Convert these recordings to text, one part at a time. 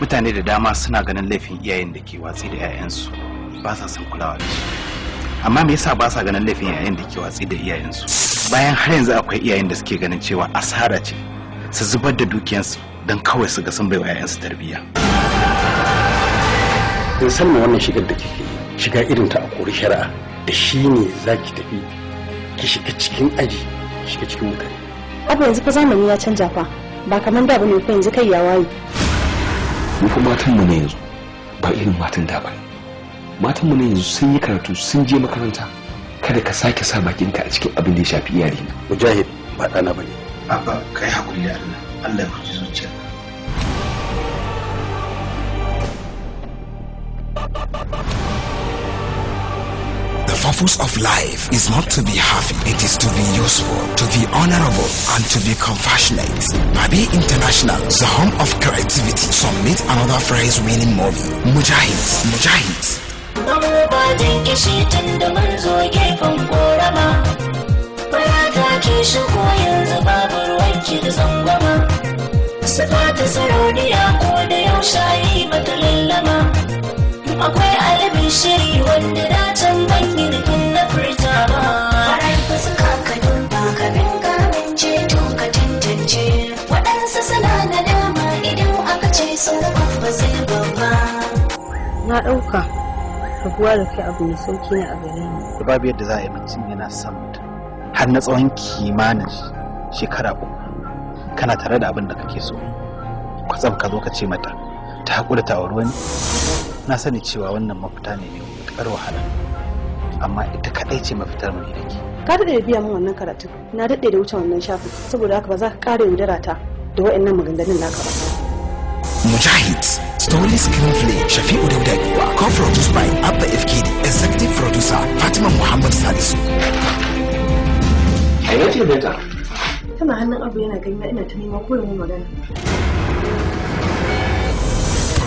mutane da dama suna ganin laifin iyayen da ke watsi da 'ya'yansu ba sa son kulawa da su amma me yasa ba sa ganin laifin iyayen da ke watsi da iyayensu bayan har yanzu akwai iyayen da suke ganin cewa asara ce su zubar da dukiyansu don kawai su ga sun wa 'ya'yansu tarbiyya in san wannan shigar da kike shiga irin ta a kori shari'a da shi ne za ki tafi ki shiga cikin aji ki shiga cikin mutane abu yanzu fa zamani ya canja fa ba kamar da bane ko yanzu kai ya waye mu kuma matan mu ne yanzu ba irin matan da ba matan mu na yanzu sun yi karatu sun je makaranta kada ka sake sa bakinka a cikin abin da ya shafi iyali mujahid ba ɗana ba ne abba kai hakuri da Allah Allah ya kuji zuciya Thank you. The purpose of life is not to be happy, it is to be useful, to be honorable, and to be compassionate. Babi International, the home of creativity, submit another prize winning movie, Mujahid. Mujahid. Bajin sarauniya ko da yaushe mata lallama. akwai alibin shiri wanda da can ban na furta ba harai fa suka ka duba ka dinga mince tun ka tantance waɗansu suna da dama idan aka ce sun ba sai babba na ɗauka rabuwa da kai abu mai sauki ne a gare ni babu yadda za a yi mutum yana son mutum har na tsawon kimanin shekara uku kana tare da abin da kake so kwatsam ka zo ka ce mata ta haƙura ta auri wani na sani cewa wannan mafita ne mai matuƙar wahala amma ita kaɗai ce mafitar mu da ke ka daɗe da biya min wannan karatun na daɗe da wuce wannan shafin saboda haka ba za ka ƙara yaudara ta da wa'annan maganganun naka ba Mujahid, Story Screenplay, Shafi'u Dauda Giwa, co-produced by Abba fkd Executive Producer Fatima Muhammad Salisu. A yana ce Tana hannun abu yana gani ina ta nema koyon magana.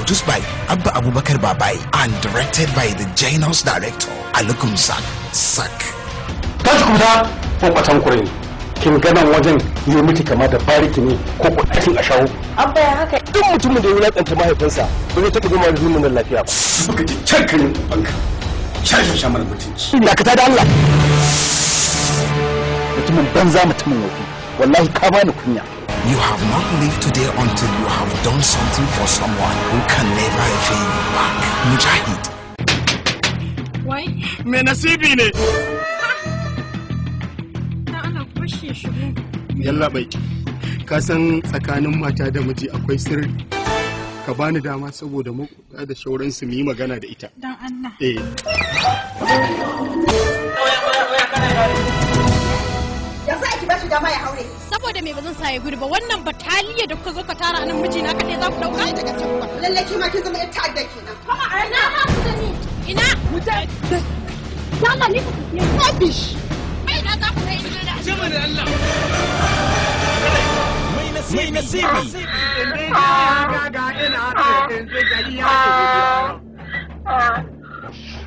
produced by Abba Abubakar Babai and directed by the Jainos director Alukum Sak Sak. Kasu kuma ko kwatan ne. kin ganan wajen yi miki kama da bariki ne ko ko a shawo. Abba ya haka duk mutumin da ya wulakanta mahaifinsa ba zai taɓa zama rizumin nan lafiya ba. Suka ji can kanin banka. Shashin shamar mutunci. Dakata da Allah. Mutumin banza mutumin wofi. Wallahi ka bani kunya. You have not lived today until you have done something for someone who can never repay you back. Mujahid. Why? Me nasibi ne. Na ana kwashe shi Yalla bai. Ka san tsakanin mata da miji akwai sirri. Ka bani dama saboda mu da su mu yi magana da ita. Dan Allah. Eh. ya za ki bashi dama ya haure saboda me bazan sa ya gudu ba wannan bataliya da kuka zo ka tara nan miji na kaɗai za ku dauka daga sabba lalle ki ma kin zama yar ta'adda kenan kuma a ranar ha ku ni ina mutai Allah ne ku ya rubbish ai na za ku kai ina da jama'a ne Allah mai nasibi in dai ga ina in ji gari ya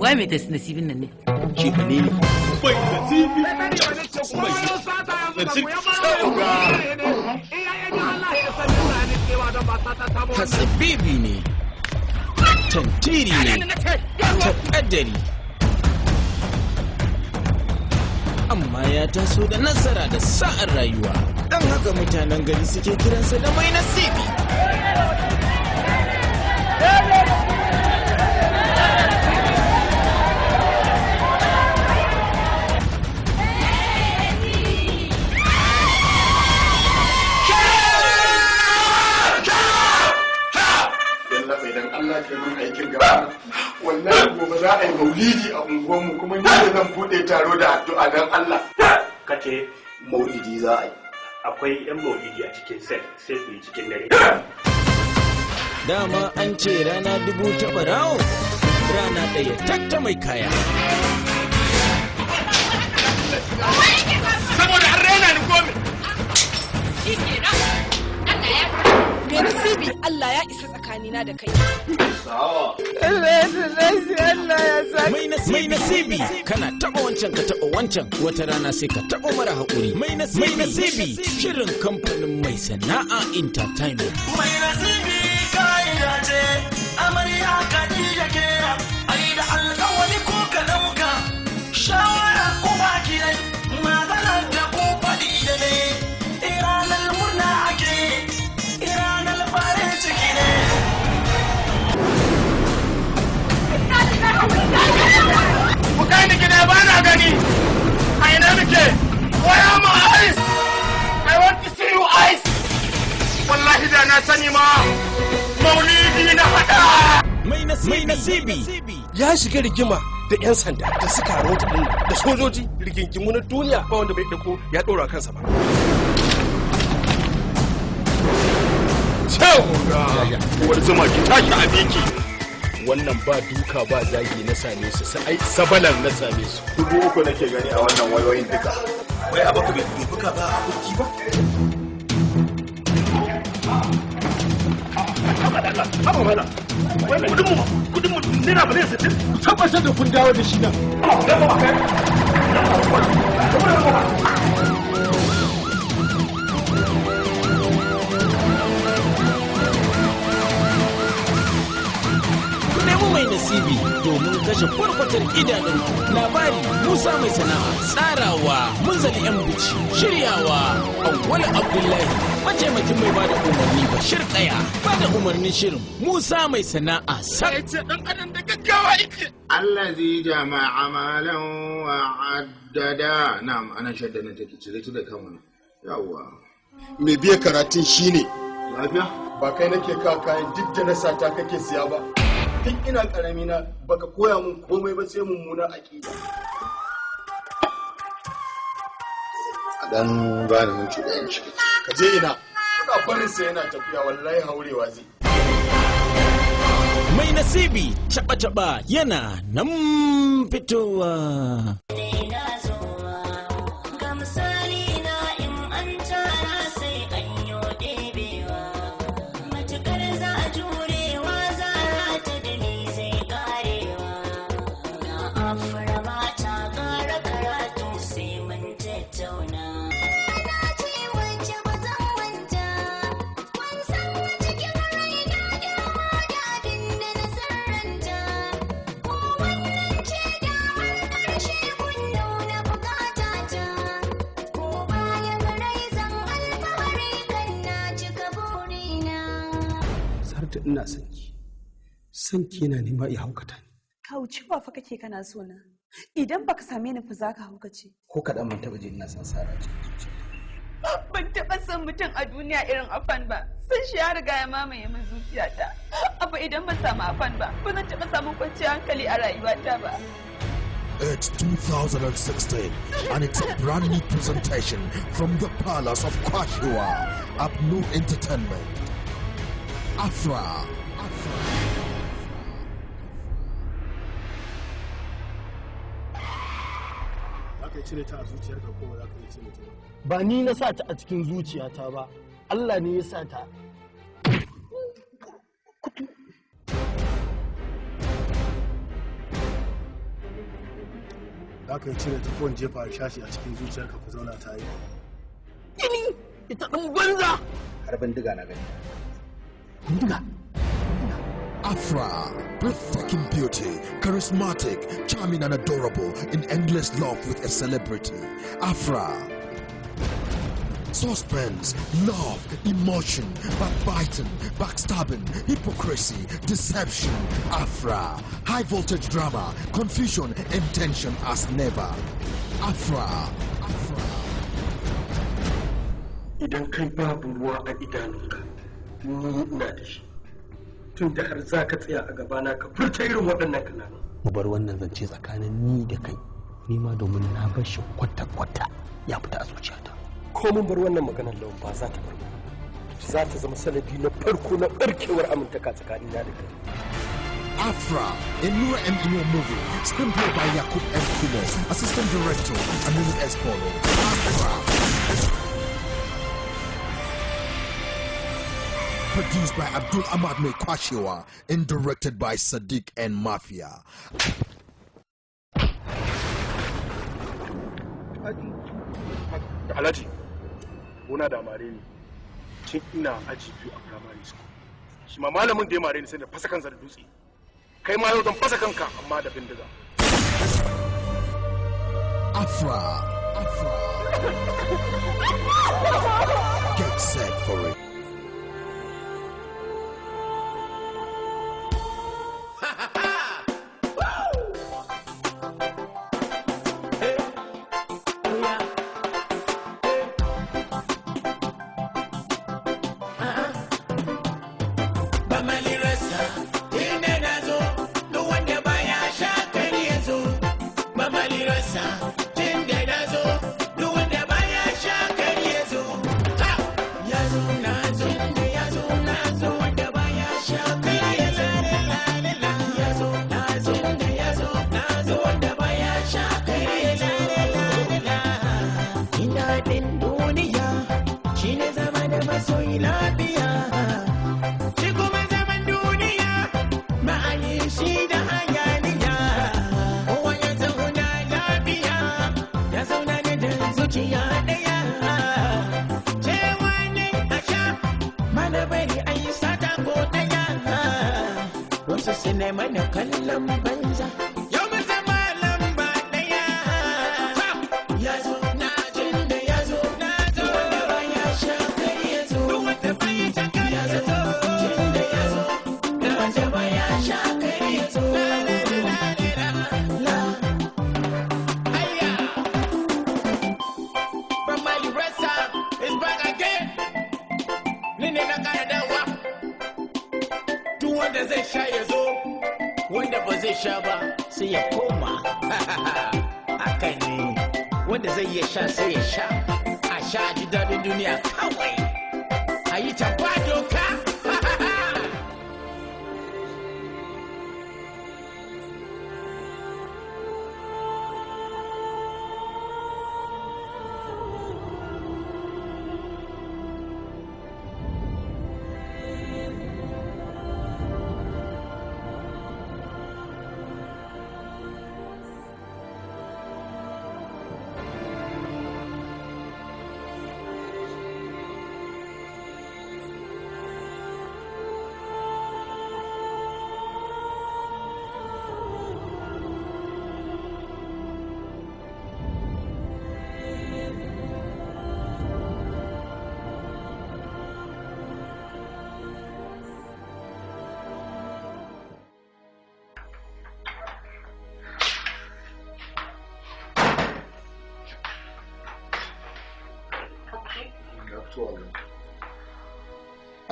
Wai mai tasi nasibin nan ne? Shi ba ne ne. Bai nasibi. Bai nasibi. Tasibibi ne. Tantiri ne. Taƙadari. Amma ya taso da nasara da sa'ar rayuwa. Dan haka mutanen gari suke kiransa da mai nasibi. ke gaba wallahi gobe za a yi maulidi a mu kuma ni ne zan buɗe taro da addu'a dan Allah kace maulidi za a akwai yan maulidi a cikin set. sai ku yi cikin dare dama an ce rana dubu ta barawo rana ɗaya takta mai kaya saboda har rena ni komi Ga nasibi Allah ya isa tsakanina da kai. Mai nasibi kana taɓa wancan ka taɓa wancan wata rana sai ka taɓa mara haƙuri. Mai nasibi shirin kamfanin mai sana'a entertainment. Mai nasibi ce amarya kadija ke ai da alƙawari ko ka ɗauka shawara ko ba ki kirai maganar da ko faɗi da ne iranar murna ake iranar farin ciki ne ku kai ni gida ba na gani a ina muke waya ma ice I want to see you ice wallahi da na sani ma maulidi na hada mai nasibi ya shiga rigima da 'yan sanda da suka rota din da sojoji rigingimu na duniya ba wanda bai dako ya ɗora kansa ba wani zama ki tashi a biki wannan ba duka ba zagi na same su sai sabalan na same su dubu uku nake gani a wannan wayoyin duka wai abu bai dubuka ba a kuki ba 他不来了，他不来了。我怎么，我怎么，你那不认识？他不想就分家了就行了。来吧，来吧。nasibi domin kashe farfatar idanun labari musa mai sana'a tsarawa munzali yan buci shiryawa awwal abdullahi mataimakin mai bada umarni bashir daya bada umarnin shirin musa mai sana'a sa dan adam da gaggawa yake zai jama'a amalan wa addada na'am ana shadda na take cire ta da kanwa yawa mai biya karatun shine lafiya ba kai nake kawo kayan duk da na sata kake siya ba tun ina karami na baka koya mun komai ba sai mummuna aqida dan ba mun ci dan shi ka je ina kuna barin sa yana tafiya wallahi haurewa zai mai nasibi chaba chaba yana nan fitowa ina son ki son ki yana nema ya haukata ni kaucewa fa kake kana so na idan baka same ni fa zaka haukace ko kaɗan ban taɓa baje ina son sara ban taɓa son mutum a duniya irin afan ba sun shi ya riga ya mamaye min zuciyata abu idan ban samu afan ba ba zan taɓa samun kwanciyar hankali a rayuwata ba It's 2016 and it's a brand new presentation from the Palace of Kwashiwa at New Entertainment. Afra. Ba ni na sa ta a cikin zuciyata ba, Allah ne ya sa ta. Za ka yi cire ta kowane jefa a shashi a cikin zuciyar ka ku zauna ta yi. Gini! Ita ɗin banza! Har bindiga na gani. Afra, breathtaking beauty, charismatic, charming and adorable, in endless love with a celebrity. Afra. Suspense, love, emotion, backbiting, backstabbing, hypocrisy, deception, Afra. High voltage drama, confusion, and tension as never. Afra. Afra. Idan kai babu ruwa a idanunka, ni ina da shi tun da har za ka tsaya a gabana ka furta irin waɗannan kalamu mu bar wannan zance tsakanin ni da kai ni ma domin na bar shi kwata-kwata ya fita a zuciyata ko mun bar wannan maganar lawan ba za ta bar za ta zama sanadi na farko na barkewar amintaka tsakanin na da kai Afra, Enura M. Inua movie, screenplay by Yakub S. Kulo, assistant director, Aminu S. Polo. Afra, Produced by Abdul Ahmad Mekwashiwa and directed by Sadiq and Mafia. Alhaji, Una da mare ne tun ina aji biyu a primary school. Shi ma malamin da ya mare ni sai da Kai ma zan fasa kanka amma da bindiga. Afra. Afra. Get set for it. ha ha ha!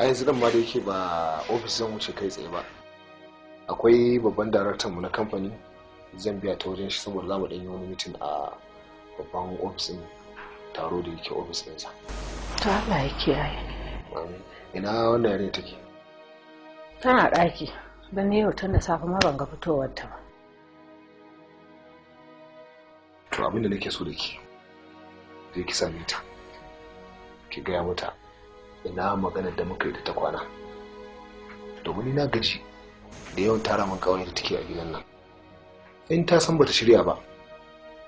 yanzu dan ma da yake ba ofis zan wuce kai tsaye ba akwai babban daraktan mu na kamfani zan biya ta wajen shi saboda zamu dan yi wani mitin a babban ofis din taro da yake ofis din sa to Allah ya kiyaye ina wannan yare take tana daki dan ne yau tun da safe ma ban ga fitowar ta ba to abin da nake so da ki je ki sami ta ki gaya mata ina maganar da muka yi da ta kwana domin na gaji da yawan tara min kawai da take a gidan nan in ta san bata shirya ba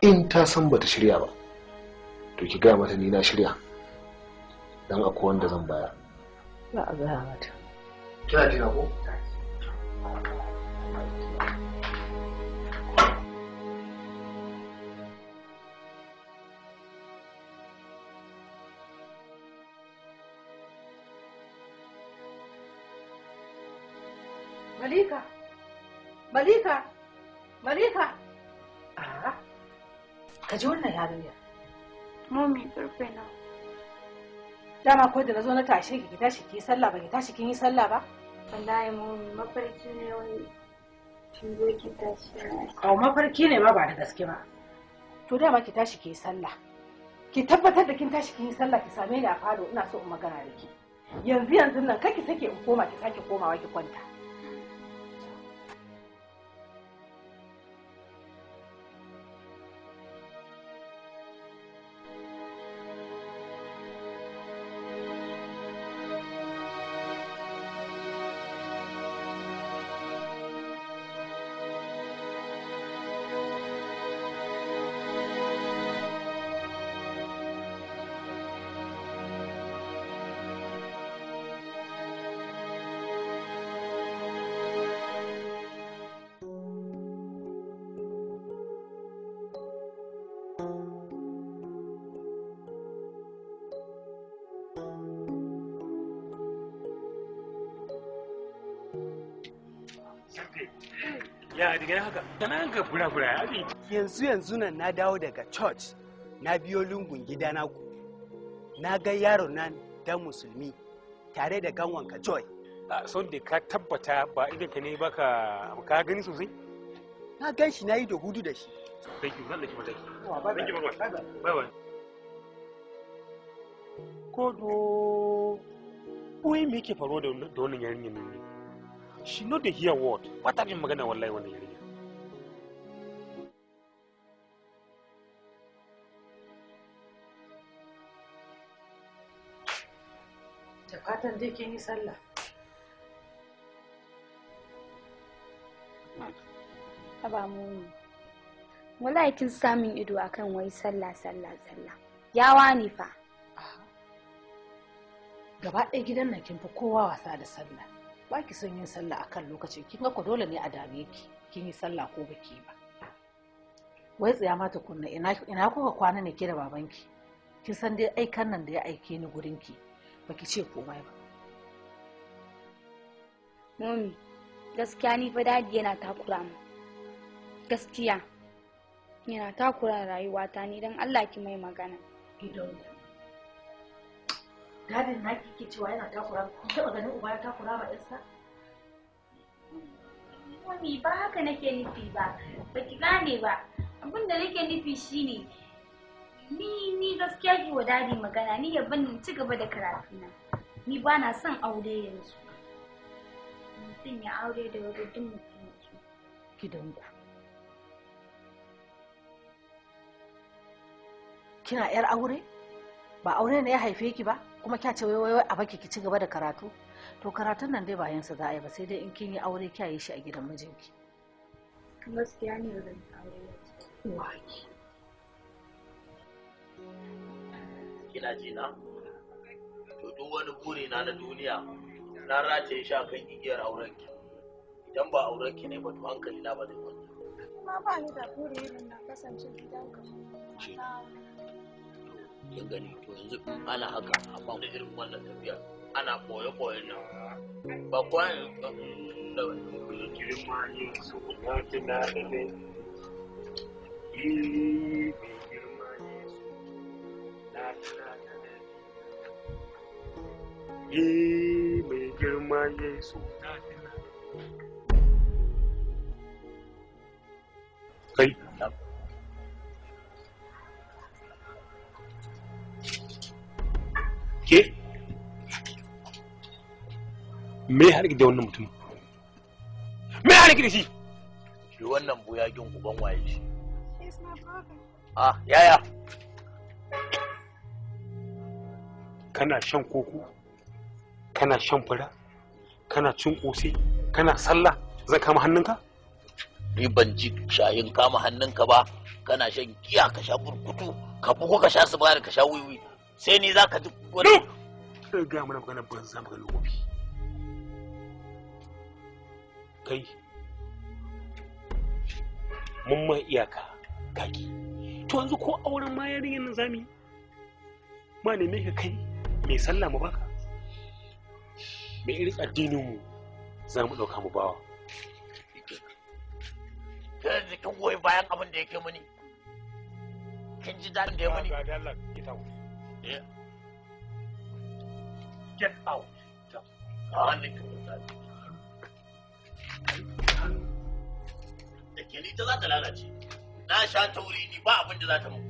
in ta san bata shirya ba to ki gaya mata ni na shirya dan akwai wanda zan baya. ba a gaya mata kina jira ko Malika, Malika. Ah, ka ji wannan yarinya. Mami karfe na. Dama ko da na zo na tashe ki tashi ki sallah ba ki tashi kin yi sallah ba? Wallahi mami mafarki ne wani kin zo ki tashi. Au mafarki ne ma ba da gaske ba. To dama ki tashi ki yi sallah. Ki tabbatar da kin tashi kin yi sallah ki same ni a falo ina so in magana da ki. Yanzu yanzu nan kar ki sake in koma ki sake komawa ki kwanta. ganin haka tana ka fura-fura ya fi. yanzu yanzu nan na dawo daga church na biyo lungun gida na ku na ga yaro nan dan musulmi tare da ganwan ka joy a son da ka tabbata ba idan ka ne baka ka gani sosai na gan shi na yi da hudu da shi thank you zan daki mataki thank you bye bye kodo wai me yake faruwa da wannan yarinyar ne she no the hear word ba ta magana wallahi wannan yarinyar fatan dai kin yi sallah Aba mu wallahi kin samun ido akan wai sallah sallah sallah yawa ne fa gaba ɗaya gidan nan kin fi kowa wasa da sallah ba ki son yin sallah akan lokaci kin ga ku dole ne a dame ki kin yi sallah ko baki ba wai tsaya mata kunna ina kuka kwana ne ke da babanki kin san dai aikan nan da ya aike ni gurinki ki baki ce komai ba Mami, gaskiya ni fa dadi yana takura mu. Gaskiya. Yana takura rayuwata ni dan Allah ki mai magana. Gidan. Dadin na ke cewa yana takura ku taba ganin uba ya takura ba yarsa? Mami ba haka nake nufi ba. Baki gane ba. Abin da nake nufi shine ni ni gaskiya ki wa dadi magana ni ya ban ci gaba da karatu na ni ba na son aure yanzu mutum ya aure da wuri duk mutum gidanku kina yar aure ba aure ne ya haife ki ba kuma kya ce wai wai a baki ki ci gaba da karatu to karatun nan dai ba yansa za a yi ba sai dai in kin yi aure kya yi shi a gidan mijinki gaskiya ne zan aure yanzu kina ji na to duk wani buri na na duniya na rataye shi akan igiyar auren ki idan ba auren ki ne ba to hankali na ba zai kwanta kuma ba ni da buri na kasance gidanka shi kin gani to yanzu ana haka a ba da irin wannan tafiya ana koyo koyon nan ba kwayan mm, da girma yin su kuma kina da ne Ye mai girma Yesu Kai, ke? Me har da wannan mutum? Me har da shi? Shi wannan buyakin uban waye shi. Ah, yaya. kana shan koko kana shan fura kana cin kose kana sallah zan kama hannunka ni ban ji shayin kama hannunka ba kana shan giya ka sha burkutu ka buko ka sha sigari ka sha wiwi sai ni za ka ji wani ga mana kana ban za mu lokaci kai mun ma iyaka kaki to yanzu ko auren ma yarinyar zamu yi ma me ka kai mai sallah mu baka mai irin addinin mu za mu ɗauka mu bawa ka da kin goyi bayan abin da yake muni kin ji daɗin da ya muni eh. get out get out da ke ni ta za ta lalace na sha tauri ni ba abin da za ta mu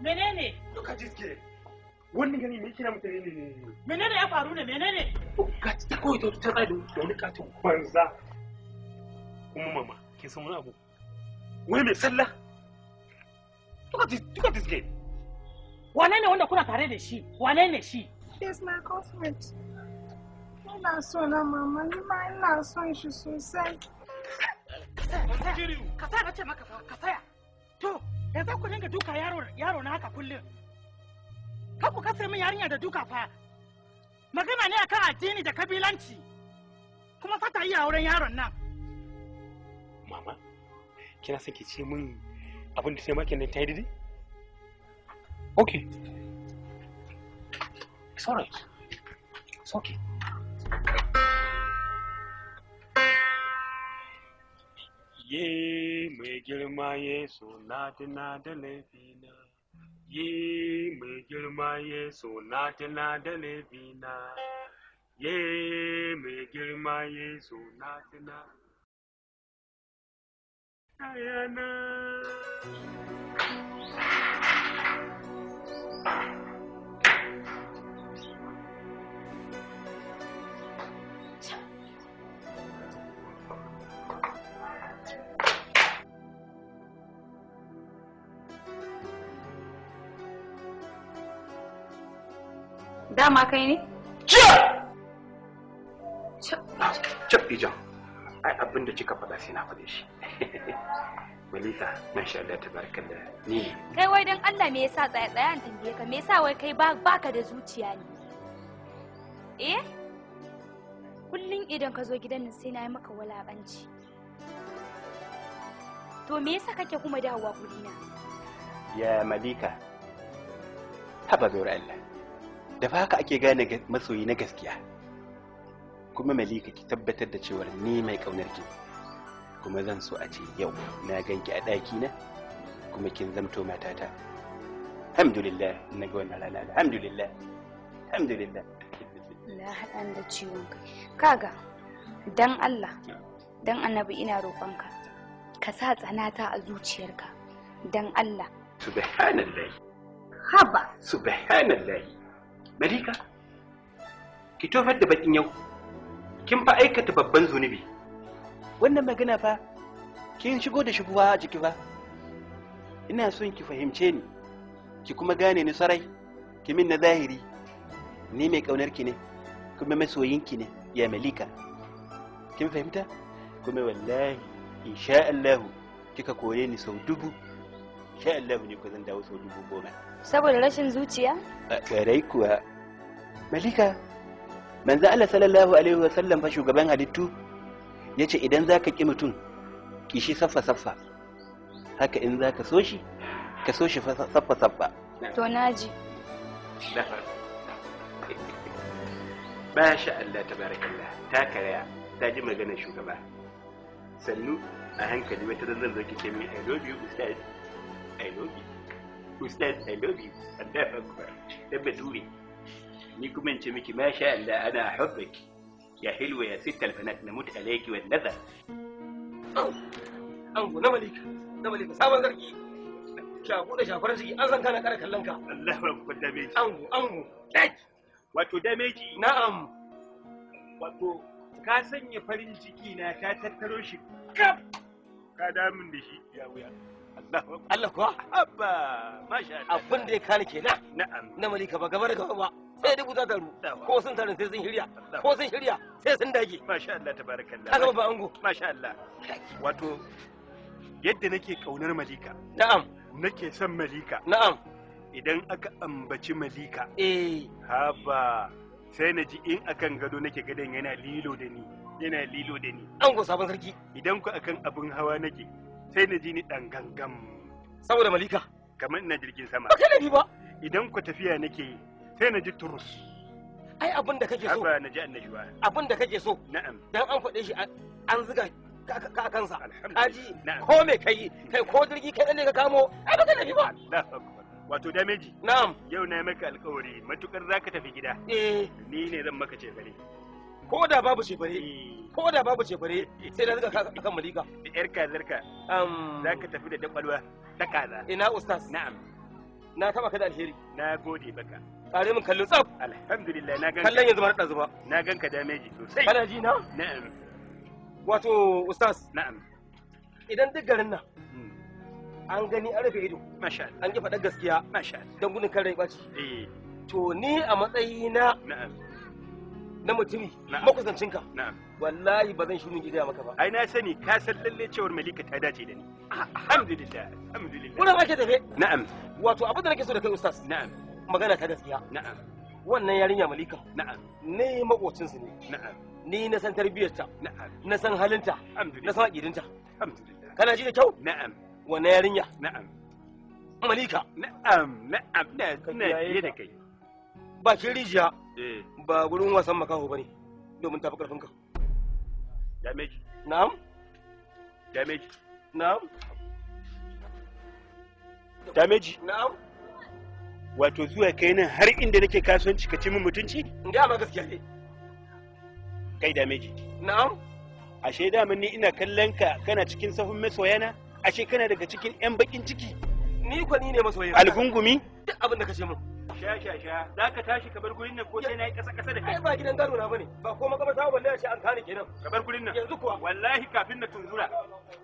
menene duka jiske wannan gani ne kira mutane ne ne menene ya faru ne menene ga ta kawai ta ta da wani katon banza kuma mama kin san wani abu wani mai sallah duka duka jiske wane ne wanda kuna tare da shi wane ne shi yes my girlfriend ina so na mama ni ma ina son shi sosai ka tsaya ka tsaya ka tsaya na ce maka ka tsaya Ya za ku dinga duka yaro na haka kullum. Ka ku kasa min yarinya da duka fa. Magana ne akan addini da kabilanci. Kuma fata iya auren yaron nan. Mama, kina son ki ce min abin da sai makin nan ta yi didi? Okay. It's alright. okay. Ye me girma Yesu na tuna da Ye mai girma Yesu na tuna da Ye mai girma Yesu na tuna. Ayana. Dama kai ne? Jiya! Cap ijan. Ai abin da kika faɗa sai na faɗe shi. Walita, sha Allah ta barka da ni. Kai wai don Allah me yasa tsaya tsaya an tambaye ka me yasa wai kai baka da zuciya ne? Eh? Kullum idan ka zo gidan nan sai na yi maka walaɓanci To me yasa kake kuma dawowa gurina? Ya Malika, haba zuwa Allah. da fa haka ake gane masoyi na gaskiya kuma malika ki tabbatar da cewar ni mai kaunar ki kuma zan so a ce yau na ganki a ɗaki na kuma kin zamto matata alhamdulillah na ga wannan rana alhamdulillah alhamdulillah la hadan da ciwon kai kaga dan Allah dan annabi ina roƙonka ka sa tsanata a zuciyarka dan Allah subhanallahi haba subhanallahi Malika, ki tofar da bakin yau, kin fa aikata babban zunubi. Wannan magana fa, kin shigo da shigowa a jiki fa. Ina son ki fahimce ni, ki kuma gane ni sarai, ki min na zahiri. Ni mai kaunar ki ne, kuma ki ne, ya Malika. Kin fahimta? Kuma wallahi, insha Allah kika kore ni sau dubu. Insha Allah ne ku zan dawo sau dubu goma. Saboda rashin zuciya? Ƙarai kuwa. Malika, manzo Allah sallallahu alaihi wa fa shugaban halittu ya ce idan za ka ƙi mutum ki shi saffa saffa. Haka in ka so shi, ka so shi saffa saffa. To naji. Ba shi Allah tabarakallah ta karaya ta ji maganar shugaba. Sannu a hankali wata zan zo ke ce min I love you ustaz. I love you. استاذ اي لوف يو الله اكبر لما تقولي نيكو من تمكي ما شاء الله انا احبك يا حلوه يا ست البنات نموت عليك والنذر او او نما ليك نما ليك سامر درجي شافونا شافونا سيجي ازن كان كارك اللنكا الله اكبر دميجي او او ليك واتو دميجي نعم واتو كاسن يفرنجي كينا كاتتروشي كاب كادامن دي شي يا ويا Allah kuwa? Abba, masha Allah. Abin da ya kani kenan. Na'am. Na malika ba gaba da gaba ba. Sai dubu za ta ru. Ko sun tarin sai sun shirya. Ko sun shirya sai sun dage. Masha Allah tabarakallah. Kaga ba ango. Masha Allah. Wato yadda nake kaunar malika. Na'am. Nake son malika. Na'am. Idan aka ambaci malika. Eh. Haba. Sai na ji in akan gado nake gadon yana lilo da ni. Yana lilo da ni. Ango sabon sarki. Idan ku akan abin hawa nake. sai na ji ni dan gangan saboda malika kamar ina jirgin sama ba kai ne ba idan ku tafiya nake sai na ji turus ai abin da kake so na ji annashuwa abin da kake so na'am dan an faɗe shi an ziga ka kansa kaji ko me kai kai ko jirgi kai ne ka kamo ai ba kai ne ba wato dameji na'am yau na maka alƙawari matukar zaka tafi gida eh ni ne zan maka cefane ko da babu shefare eh. ko da babu shefare sai na zuga kan malika da yar kazarka za ka tafi da dakwalwa ta kaza ina ustaz na'am na taba ka da alheri na gode baka. kare min kallon tsaf alhamdulillah na ganka kallon yanzu ba da zuba na ganka dameji sosai kana ji na na'am wato ustaz na'am idan duk garin nan hmm. an gani an rufe ido masha an ji faɗa gaskiya masha don gudun kan rai ɓaci eh. to ni a matsayina na'am na mutumi makusancinka wallahi ba zan shirin gida maka ba ai na sani ka san lalle cewar malika ta dace da ni ah, ah. alhamdulillah alhamdulillah wannan ake tafe na'am wato abin da nake so da kai ustaz na'am magana ta gaskiya na'am wannan yarinya malika na'am ne makocin su ne na'am ni na san tarbiyarta na'am na san halinta na san aqidinta alhamdulillah kana ji da kyau na'am wannan yarinya na'am malika na'am na'am na na da kai bakin rijiya eh ba gurin wasan makaho bane domin tafi karfin ka damage na'am damage na'am damage na'am wato zuwa kai nan har inda nake kasuwanci ka ci min mutunci da ba gaskiya ne kai damage na'am ashe da mun ni ina kallon ka kana cikin sahun masoyana ashe kana daga cikin yan bakin ciki ni ko ni ne masoyin algungumi duk abin da kace sha sha sha za ka tashi ka bar gurin nan ko sai na yi ƙasa da kai ai ba gidan gado na bane ba ko makama ta balle shi an kane kenan ka bar gurin nan yanzu kuwa wallahi kafin na tunzura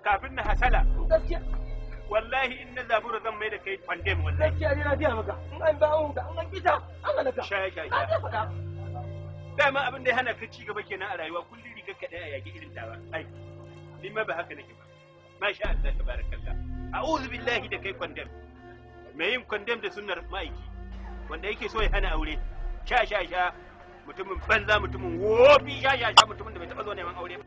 kafin na hasala gaskiya wallahi in na zabura zan mai da kai pandem wallahi gaskiya ne na biya maka in an ba an an an kita an halaka sha sha sha dama abin da ya hana ka ci gaba kenan a rayuwa kullum rigar ka daya a yaki irin tawa ai ni ma ba haka nake ba masha Allah tabarakallah a'udhu billahi da kai kwandam mai yin kwandam da sunnar ma'aiki wanda yake so ya hana aure sha sha sha mutumin banza mutumin wofi sha sha sha mutumin da bai taɓa zuwa neman aure ba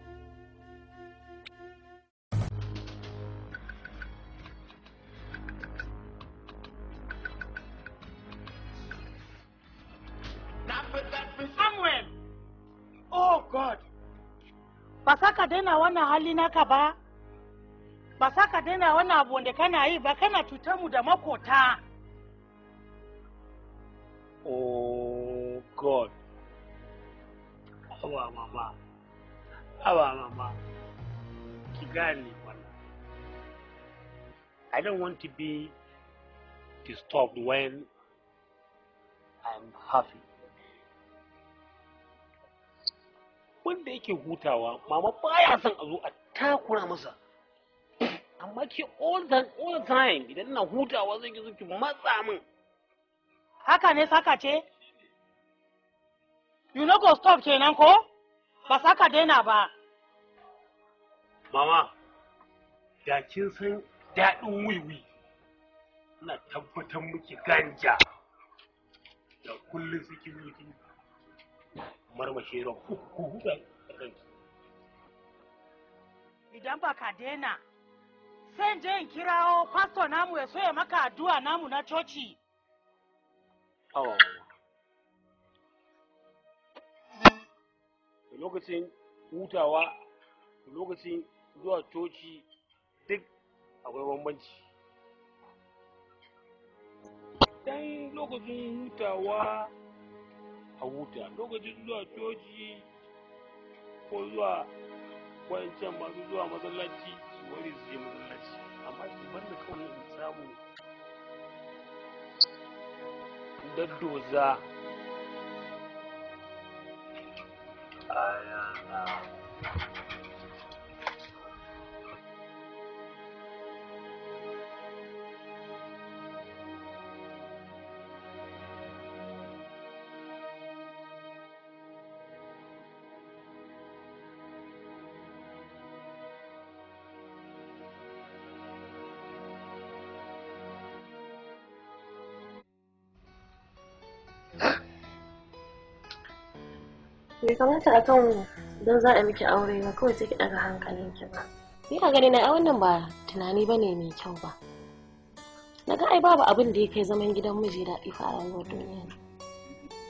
Oh God! Ba ka daina wannan hali naka ba? ba sa ka daina wani abu wanda kana yi ba kana cutar mu da makota oh god awa mama awa mama ki gane wannan i don't want to be disturbed when i'm happy wanda yake hutawa mama baya son a zo a takura masa amma ki all the all time idan ina hutawa zai ki zuki matsa min haka ne saka ce you no go stop kenan ko ba saka daina ba mama da kin san daɗin wiwi ina tabbatar miki ganja da kullum suke zuci ku ran idan ba ka daina sai je in kirawo pastor namu ya so ya maka addu'a namu na coci awa lokacin hutawa lokacin zuwa coci duk akwai bambanci dan lokacin hutawa a huta lokacin zuwa coci ko zuwa kwanciyar masu zuwa masallaci bari zai je masallaci amma ki kawai in samu daddoza a bai kamata a kan don za a miki aure ba kawai sai daga hankalin ki ba ni a gani na wannan ba tunani ba ne mai kyau ba na ga ai babu abin da ya kai zaman gidan miji daɗi fa a rayuwar duniya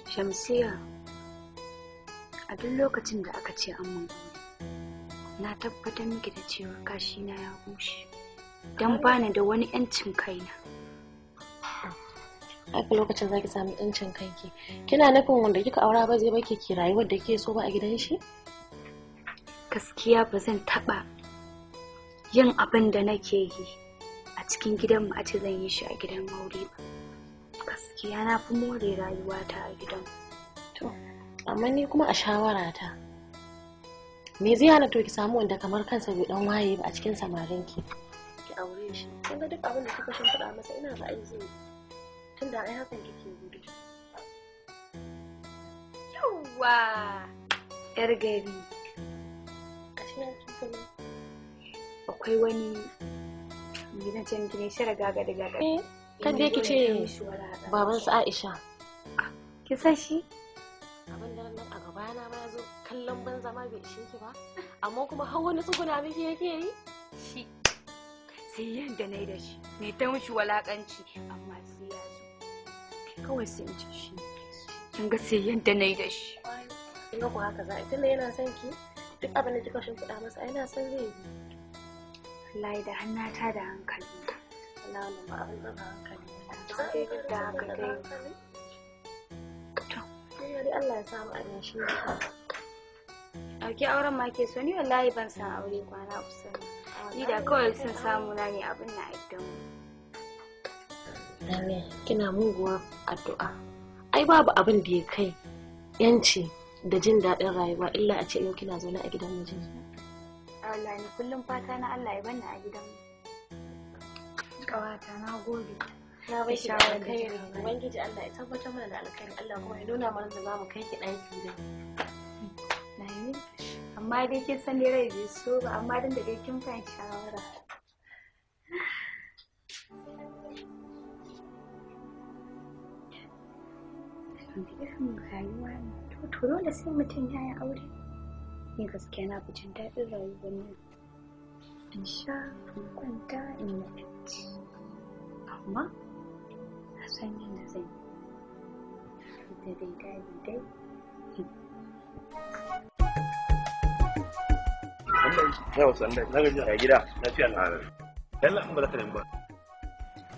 shamsiya a duk lokacin da aka ce an mun na tabbatar miki da cewa kashi na ya bushe don bani da wani 'yancin kaina haka lokacin zaki samu ɗancin kanki kina nufin wanda kika aura ba zai baki ki rayuwar da kike so ba a gidan shi gaskiya ba zan taɓa yin abin da nake yi a cikin gidanmu a ce zan yi shi a gidan maure ba gaskiya na fi more rayuwata a gidan to amma ni kuma a shawara ta. me zai hana to ki samu wanda kamar kansa bai dan waye ba a cikin samarinki ki aure shi kin ga duk abin da kika shimfiɗa masa ina ra'ayi zai tunda ai hakan kike gudu yawwa yar gari akwai wani gina can gine shi raga ga daga gari kan da yake ce baban su Aisha ah, ki san shi abin da nan a gaba na ma zo kallon ban zama bai ishe ki ba amma kuma har wani tsuguna miki yake yi shi sai yanda na yi da shi ne ta mushi walakanci amma kawai sai in ci shi kin ga sai yanda nayi da shi ga ku haka za a tunda yana son ki duk abin da kika shimfiɗa masa ai na san zai yi wallahi da hannata da hankali Allah ba abin da hankali sai da haka dai to Allah ya samu abin shi Auki auren ma ke so ni wallahi ban san aure kwana kusa ni da kawai sun samu na ne abin na addamu. kina muguwa addu'a ai babu abin da ya kai yanci da jin daɗin rayuwa illa a ce yau kina zaune a gidan mijin Allah ni kullum fata na Allah ya bani a gidan kawata na gode na bai shi alkhairi ubangiji Allah ya tabbatar mana da alkhairi Allah kuma ya nuna mana da zamu kai ki ɗaki da amma dai kin san dai rai bai so ba amma dan da dai kin fahimci shawara wani irin rayuwa ne to to dole sai mutum ya yi aure ni gaskiya na fi jin daɗin rayuwar nan in sha in kwanta in yi amma na san yadda zai yi da dai dai yau sanda na gaji a gida lafiya na halar. Yalla an ba za ka nemi ba.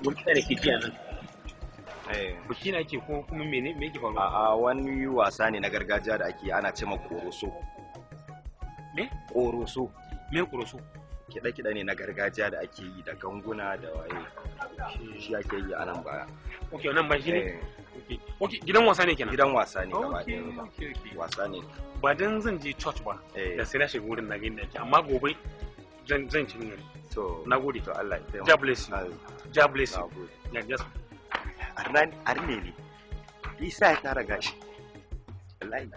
Mun kita da ke jiya nan. biki eh. na ke ko kuma mene me yake faruwa a wani wasa ne na gargajiya da ake ana cewa koroso me koroso me koroso Kiɗa kiɗa ne na gargajiya da ake yi da ganguna da waye shi ake yi a nan baya oke nan ba shi ne eh. oke gidan wasa ne kenan gidan wasa ne gaba ɗaya wasa ne ba dan zan je church ba eh. da sai na shiga wurin na gani da ke amma gobe zan zan ci ne to nagode to Allah ya bless you God bless you yeah arne ne isa ya tara gashi wallahi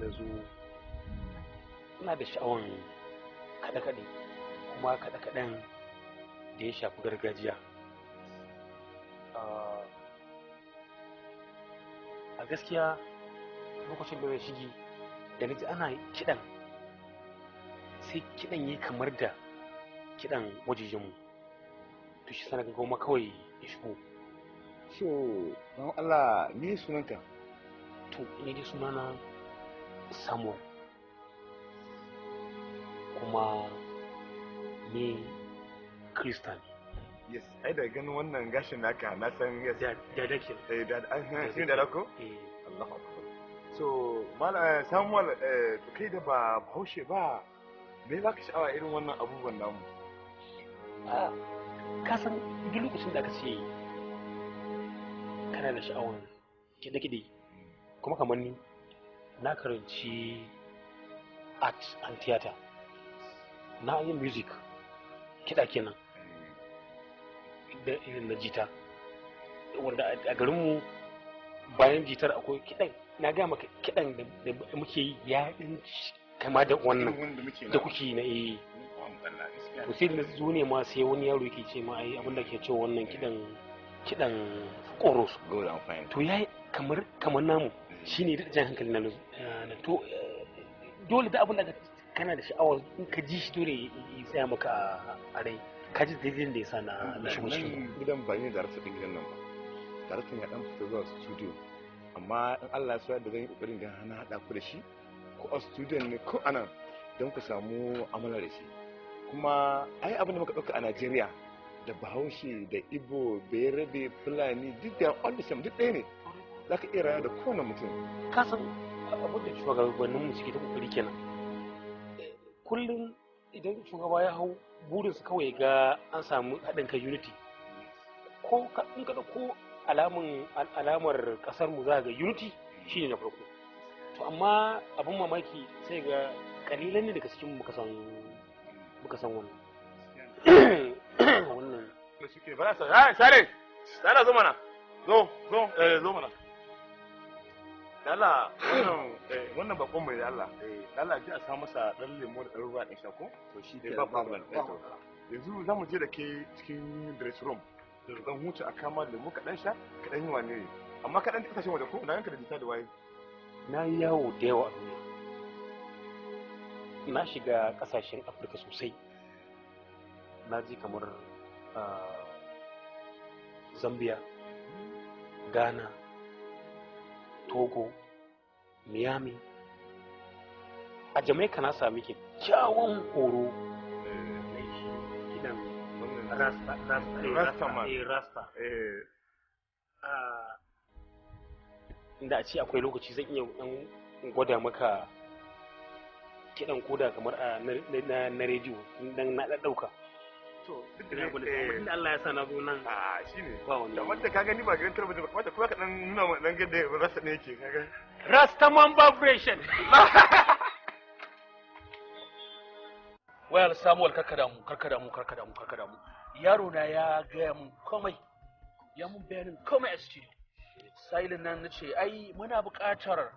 na zo ina da sha'awan kaɗe-kaɗe kuma kaɗe-kaɗen da ya shafi gargajiya a gaskiya lokacin da mai shigi da na ji ana kiɗan sai kiɗan yi kamar da kiɗan wajejinmu to shi sana gaggawa kawai ya shigo so don allah me sunanka to dai sunana samuel kuma yes ai da ganin wannan gashin naka na san yes da da ke eh da an ah, da eh Allahu akbar so eh, samuel eh, to kai da ba bahaushe ba me za sha'awa irin wannan abubuwan namu ah, ka san duk lokacin da ce kana da sha'awar kiɗe-kiɗe kuma kamar ni na karanci art and theater na yi music kiɗa kenan da na jita wanda a garinmu bayan jitar akwai kiɗan na ga maka kiɗan da muke yi ya kama da wannan da kuke na yi eh. to sai da zuwa ne ma sai wani yaro yake ce ma ai abinda ke cewa wannan kiɗan kiɗan koros to ya yi kamar kamar namu eh. shine da jan hankali na eh, to eh, dole da abin da kana da sha'awar in ka ji shi dole ya tsaya maka a rai ka ji dalilin da ya sa na shi mushi gidan ba ne da rasa din gidan nan ba da rasa ya dan fita zuwa studio amma in Allah ya so da zan yi kokarin da na hada ku da shi ko a studio ne ko anan don ku samu amala da shi kuma ai abin da muka dauka a Najeriya da bahaushe da ibo fulani duk da duk ɗaya ne za ka iya da kowane mutum ka san abin da shugabannin mu suke ta kokari kenan kullum idan shugaba ya hau su kawai ga an samu haɗin kai unity ko in ka ko alamar ƙasar mu za ga unity shine na farko to amma abin mamaki sai ga kalilan ne daga cikin muka san da suke ba sare sare zo mana zo zo eh zo mana eh, wannan bakon mai Allah ji eh, a sa masa dan lemo da ruwa din sha ko to shi eh, ba problem yanzu za mu je da ke cikin room dan huta a kama sha yi wane amma waje ko na yanka da jita da waye na yi yawo da yawa na shiga kasashen afirka sosai na ji kamar zambia ghana togo miami a jamaica na sami kyawun horo rasta eh, eh, eh, inda a ce akwai lokaci zan iya dan gwada maka kiɗan koda kamar ah, na rediyo dan na ɗauka to duk da eh, da Allah ya rastaman vibration wayar yaro na ya gaya mun komai ya mun bayanin komai a studio sailin nan nace ai muna buƙatar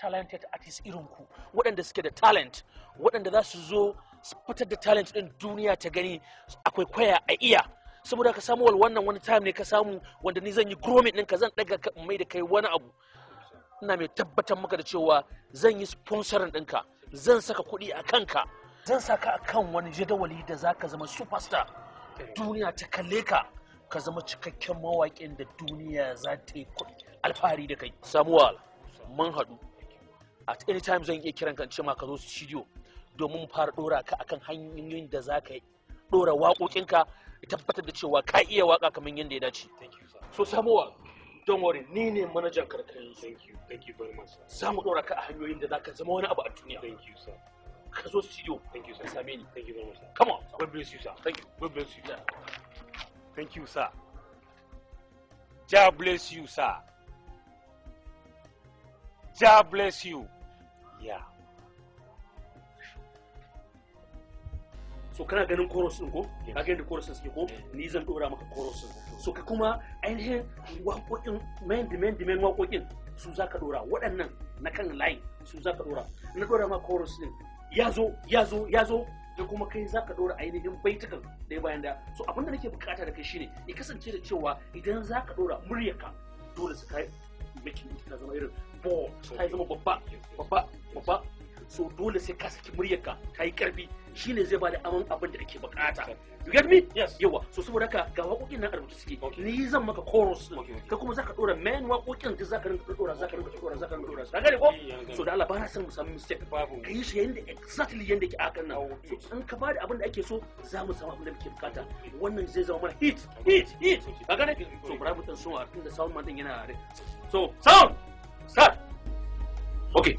talented artists irin ku waɗanda suke da talent waɗanda za su zo su fitar da talent ɗin duniya ta gani akwai kwaya a iya saboda ka samu wannan wani time ne ka samu wanda ni zan yi grooming ɗinka zan ɗaga mai da kai wani abu ina mai tabbatar maka da cewa zan yi sponsorin ɗinka zan saka kuɗi a kanka zan saka a kan wani jadawali da za ka zama superstar duniya ta kalle ka ka zama cikakken mawaƙin da duniya za ta yi alfahari da kai Samuwa mun haɗu at any time zan iya kiran ka ce ma ka zo studio domin fara dora ka akan hanyoyin da za ka dora waƙoƙinka tabbatar da cewa ka iya waƙa kamar yadda ya dace so samuwa don worry ni ne manajan karkar yanzu. thank you thank you very much za mu dora ka a hanyoyin da za ka zama wani abu a duniya thank you sir ka zo studio thank you sir same ni thank you very much sir come on god bless you sir thank you god bless you sir thank you sir Jah bless you sir Jah bless you yeah so kana ganin chorus din ko ka ga yadda chorus din suke ko ni zan dora maka chorus din so ka kuma ainihin waƙoƙin main demand demand waƙoƙin su zaka dora waɗannan na kan line su zaka dora na dora ma chorus din ya zo ya zo ya zo da kuma kai zaka dora ainihin baitukan ya bayan da so abin da nake bukata da kai shine ya kasance da cewa idan zaka dora muryarka dole su kai miki ta zama irin ball ta zama babba babba babba so dole sai ka saki muryarka ka yi karfi shine zai bada aman abin da ake bukata you get me yes yawa so saboda haka ga waƙoƙin nan rubutu suke ni zan maka chorus ka kuma zaka dora main waƙoƙin da zaka rinka dora zaka rinka dora zaka rinka dora ka gane ko eh, so da Allah ba na san mu samu mistake babu kai shi yanda exactly yanda ke akan nan so in ka bada abin da ake so za mu samu abin da muke bukata wannan zai zama mana hit hit hit ka gane so bra mutan so a tunda sound man din yana so sound start okay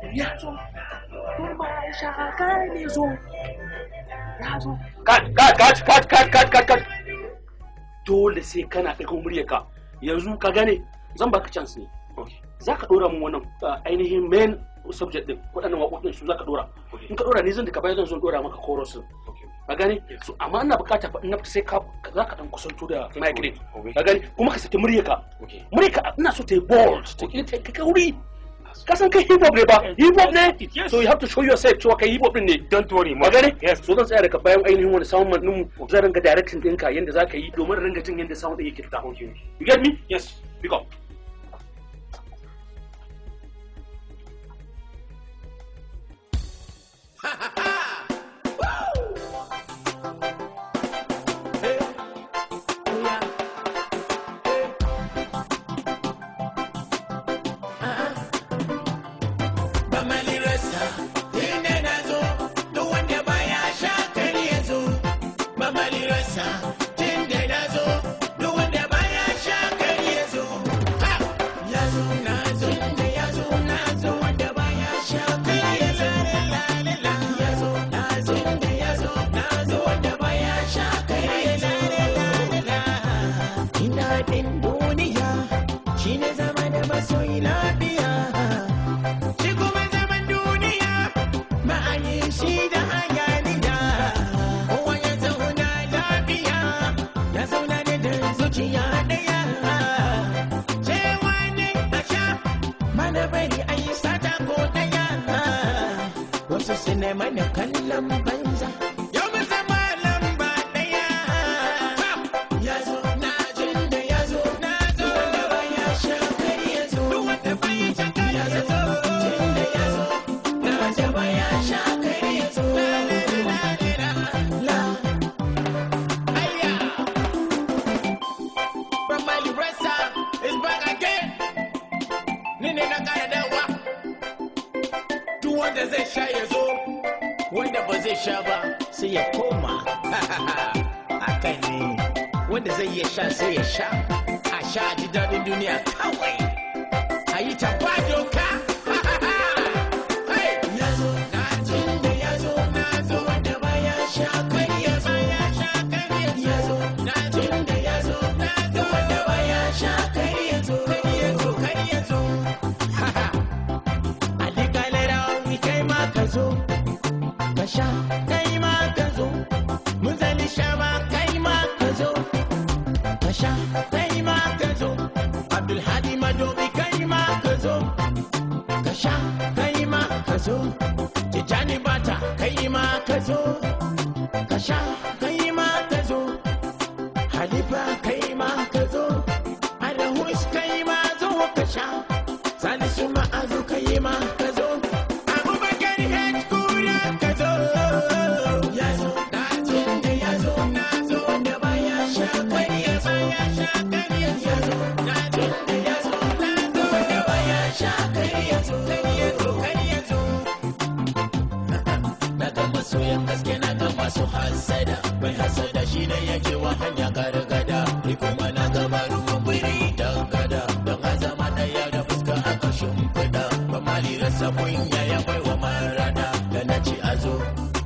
ya zo tun ba ya shakar ne zo ya zo kat kat kat kat kat kat dole sai kana ɗaga murya ka yanzu ka gane zan baka chance ne za ka ɗora mun wannan ah, ainihin main subject din waɗannan waƙoƙin su za ka ɗora in ka ɗora ni zan da ka bayan zan zo ɗora maka chorus ka gane so amma ina bukata fa ina sai ka za ka dan kusanto da mic din ka gane kuma ka saki muryarka muryarka ina so ta yi bold ta ta kauri kasan kai hip hop ne ba hip hop ne so you have to show yourself to kai hip hop ne don't worry yes so bayan ainihin wani sound man din yanda zaka yi domin jin yanda sound din yake you get me yes pick up ha ha ha na mana kallon ban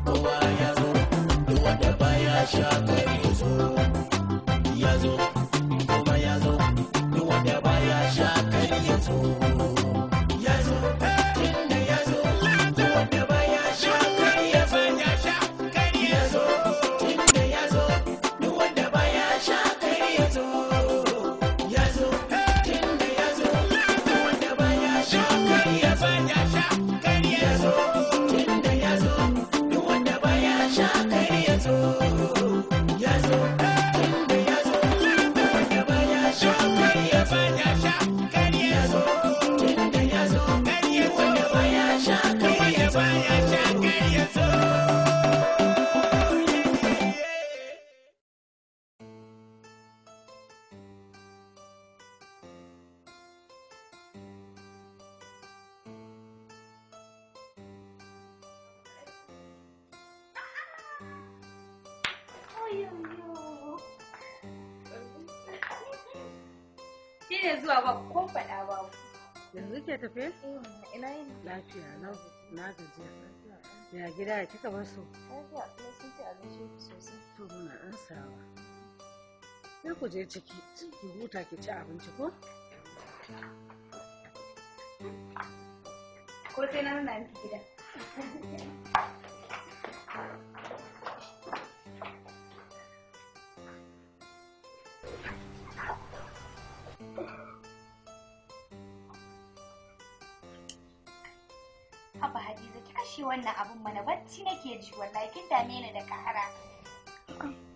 kowa ya zo, duk wanda baya sha kar zo, ya zo. Na gajiya. Ya gida ya kika ba su? To muna Sai ku je ciki, ki huta ki ci abinci ko? Ko sai na miki gida. Thank you. kashe wannan abun mana bacci nake ji wallahi kin dame ni da kahara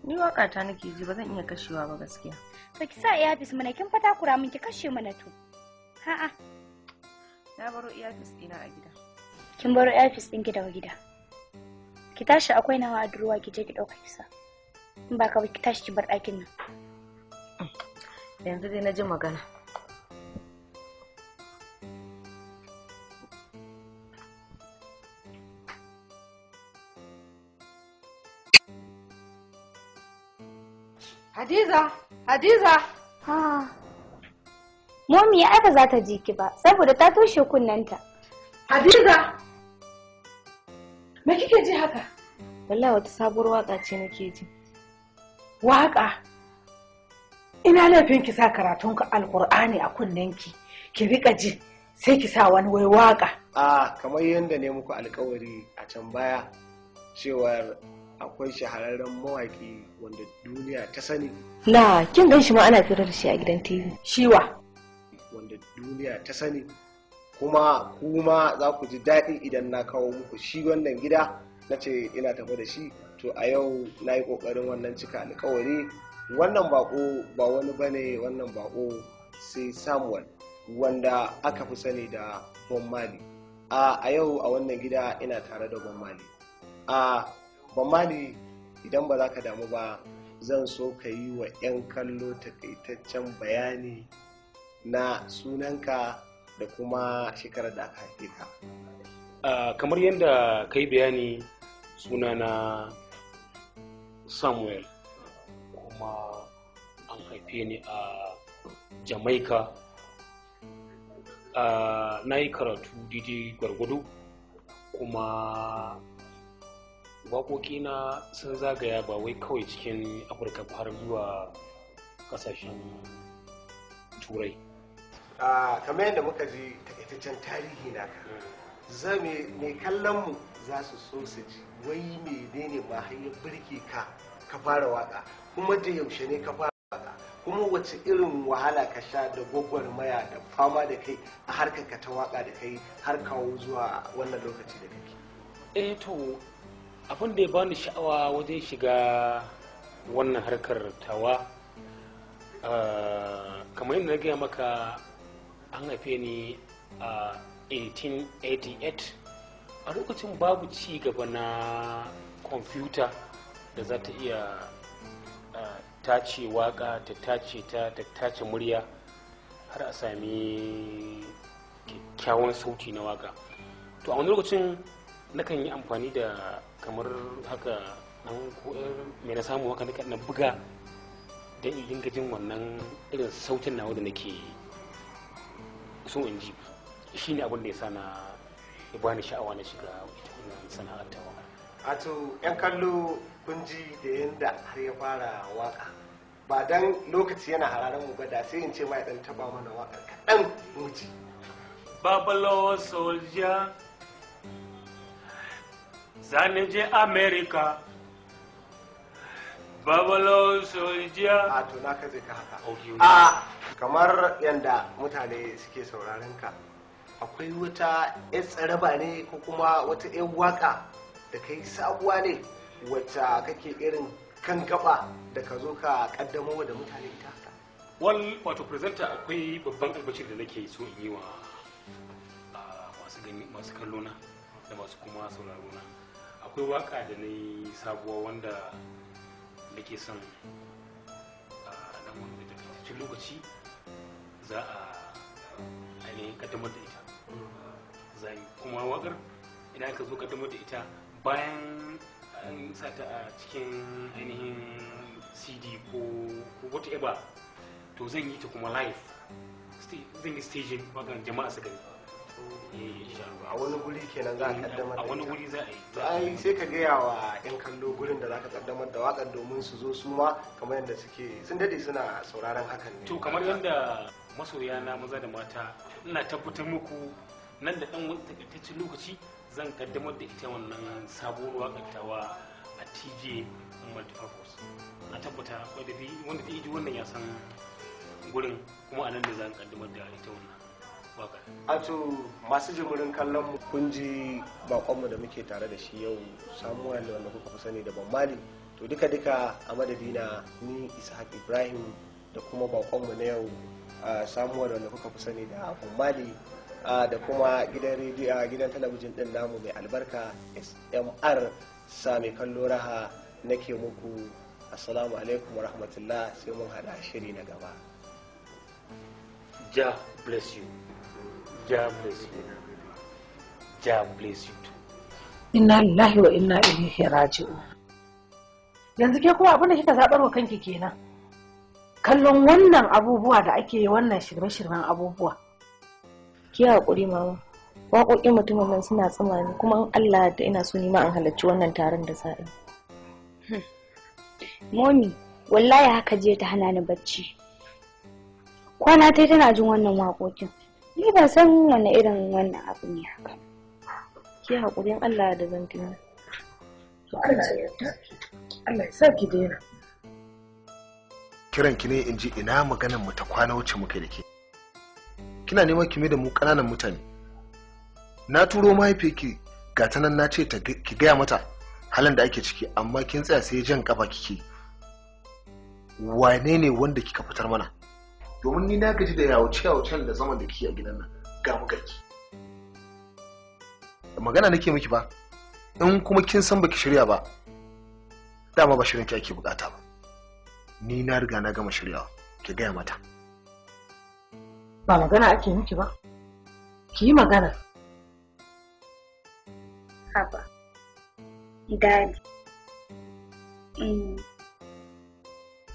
ni waka ta nake ji ba zan iya kashewa ba gaskiya to ki sa iya iyafis mana kin fata kura min ki kashe mana to ha'a na baro iya iyafis dina a gida kin baro iya iyafis din ki wa gida ki tashi akwai nawa a duruwa ki je ki dauka kisa in ba ka ki tashi ki bar ɗakin nan yanzu dai na ji magana Hadiza, Hadiza. Ha. Momi ai ba za ta ji ki ba saboda ta toshe kunnanta. Hadiza. Me kike ji haka? Wallahi wata sabuwar waka ce nake ji. Waka. Ina laifin ki sa karatun ka Alkur'ani a kunnen Ki ki rika ji sai ki sa wani wai waka. Ah, kamar yadda ne muku alƙawari a can baya cewar akwai shahararren mawaƙi wanda duniya ta sani na kin gan shi ma ana firar da shi a gidan tv shiwa wanda duniya ta sani kuma kuma za ku ji daɗi idan na kawo muku shi wannan gida na ce ina tafi da shi to a yau na yi ƙoƙarin wannan cika alkawari wannan bako ba wani bane wannan bako sai samuel wanda aka fi sani da bon mali a yau a wannan gida ina tare da bon mali a ne idan ba za ka damu ba zan so ka yi wa 'yan kallo takaitaccen bayani na sunanka da kuma shekarar da aka haife ka kamar yadda ka yi bayani sunana samuel kuma an haife ni a Jamaika, na yi karatu didi gwargwado kuma waƙoƙi na sun zagaya ba wai kawai cikin afirka har zuwa ƙasashen turai kamar yadda muka ji takaitaccen tarihi na ka zame mai kallonmu za su so su ji wai ne ma hanyar birke ka ka fara waka kuma da yaushe ne ka fara waka kuma wace irin wahala ka sha da maya da fama da kai a harkar ka ta waka da kai har kawo zuwa wannan lokaci da kake eh to abin da ya bani sha'awa wajen shiga wannan harkar tawa kamar yadda na gaya maka an haife ni a 1888 a lokacin babu ci gaba na kwamfuta da za ta iya tace waka ta tace ta ta tace murya har a sami kyakkyawan sauti na waka to a wani lokacin nakan yi amfani da kamar haka an koyar mai na samu haka na buga don in dinga wannan irin sautin nawa da nake so in ji shi ne abin da ya sa na bani sha'awa na shiga wannan sana'ar ta waka a to yan kallo kun ji da yadda har ya fara waka ba dan lokaci yana hararen mu ba da sai in ce ma ya dan taba mana waka mu ji. babalawa soldier zani je america babalo soldier a to na ka zai ka haka a kamar yadda mutane suke sauraron ka akwai wata 'yan tsaraba ne ko kuma wata 'yan waka da kai sabuwa ne wacce kake irin kan gaba da ka zo ka kaddamo da mutane ta haka wal wato presenter akwai babban albashir da nake so in yi wa ah, masu kallona na da masu kuma sauraro na akwai waka da na yi sabuwa wanda da ke son a ah, wani da cikin lokaci za a ainihin kaddamar da ita zai kuma wakar idan ka zo kaddamar da ita bayan an sata a cikin ainihin cd ko whatever to zan yi ta kuma live zan yi staging wakar jama'a suka yi Eh, a wani guri kenan za a eh, kaddamar da a wani guri za a yi ai sai ka gaya wa yan kallo gurin da za ka kaddamar da wakar domin su zo su ma kamar yadda suke sun dade suna sauraron hakan ne to kamar yadda masoya na maza da mata ina tabbatar muku nan da dan wani takaitaccen lokaci zan kaddamar da ita wannan sabuwar wakar wa a TJ multipurpose na tabbata wanda zai ji wannan ya san gurin kuma a nan da zan kaddamar da ita wannan ato masu jimurin kallon mu kun ji bakonmu da muke tare da shi yau samuwar da wanda kuka fi sani da bambali to duka duka a madadina ni ishaq ibrahim da kuma bakonmu na yau samuwar wanda kuka fi sani da bambali da kuma gidan rediyo gidan talabijin din namu mai albarka smr sami kallo raha nake muku assalamu alaikum wa rahmatullah sai mun hada shiri na gaba ja bless you Jah bless you. bless you too. Inna Yanzu ke kuma abin da kika zabar wa kanki kenan. Kallon wannan abubuwa da ake yi wannan shirme-shirmen abubuwa. Ki haƙuri mama. Waƙoƙin mutumin nan suna tsima ni kuma in Allah da ina so ni ma an halarci wannan taron da sa'i. Hmm. Momi, wallahi haka je ta hana ni bacci. Kwana tai tana jin wannan waƙoƙin. Ni ban san wani irin wannan abu ne haka. Ki haƙurin Allah da zan tuna. Allah ya sa ki daina. Kiran ki ne in ji ina maganan mu ta kwana wuce muka da ke. Kina neman ki da mu ƙananan mutane. Na turo mahaifiyarki ga ta nan na ce ta ki gaya mata halin da ake ciki amma kin tsaya sai jan kafa kike. Wane ne wanda kika fitar mana? domin ni na gaji da yawuce-yawucen da zaman da ke a gidan nan ga mu Da magana nake miki ba in kuma kin san baki shirya ba dama ba shirin ki ake bukata ba ni na riga na gama shiryawa ki gaya mata ba magana ake miki ba ki yi magana haba dadi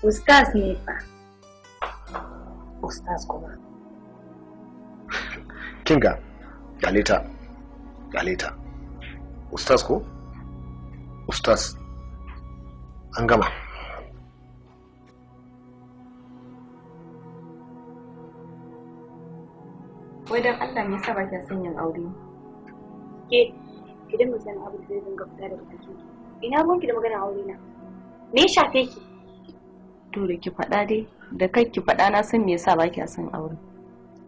ustaz mm. ne fa ustaz kuma kinga galeta galeta ustaz ko ustaz an gama wai don allah me yasa ba kya son yin aure ke idan mu san abu zai dinga fita daga cikin ina ruwanki da magana aure na me ya shafe ki to da ki faɗa dai da kai ki faɗa na san me yasa ba kya son aure.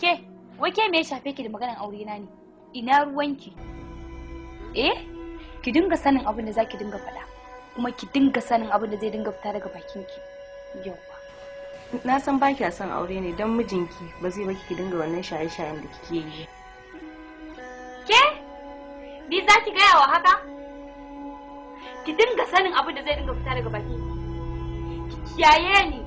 Ke, wai ke me ya shafe ki da maganar aure na ne? Ina ruwanki? Eh, ki dinga sanin abin da zaki dinga faɗa, kuma ki dinga sanin abin da zai dinga fita daga ki. Yawwa. Na san ba kya son aure ne don mijinki ba zai baki ki dinga wannan shaye-shayen da kike yi. Ke? Ni za ki gaya wa haka? Ki dinga sanin abin da zai dinga fita daga bakin Ki kiyaye ni.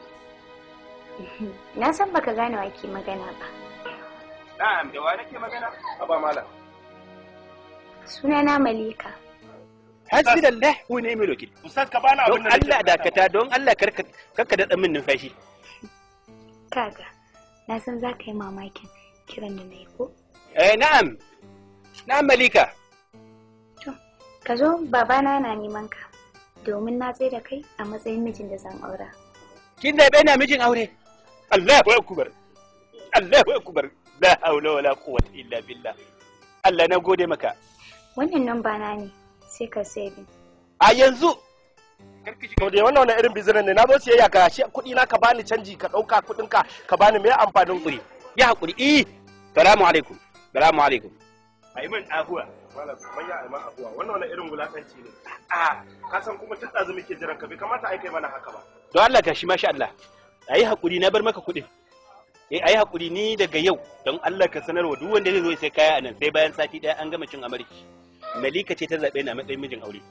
Na san baka gane wa ke magana ba. Na'am, da wa nake magana? Aba malam. Sunana Malika. Hasbidallah ne mai lokil. Ustaz ka bana abin da Allah dakata don Allah karka karka da min numfashi. Kaga, na san za ka yi mamakin kiran da na yi ko? Eh na'am. Na'am Malika. To, ka zo babana na neman ka domin na tsaye da kai a matsayin mijin da zan aura. Kin da bai na mijin aure? الله akbar الله akbar لا حول ولا quwwata illa بالله الله na مكا wannan nan bana ne sai ka saving a yanzu to shiga wajen wannan wani irin bizinan ne na zo siyayya ka shi kudi na ka bani canji ka dauka kudin ka ka bani mai amfanin kuri ya hakuri eh salamu alaikum salamu alaikum a man min ahuwa malam manya a yi min ahuwa wannan wani irin wulaƙanci ne a ka san kuma tun ɗazu muke jiran ka bai kamata ai kai mana haka ba don Allah ka shi masha Allah a yi haƙuri na bar maka kuɗin eh, a yi haƙuri ni daga yau don Allah ka sanarwa duk wanda zai zo sai kaya a nan sai bayan sati ɗaya an gama cin amarki malika ce ta zaɓe na matsayin mijin aure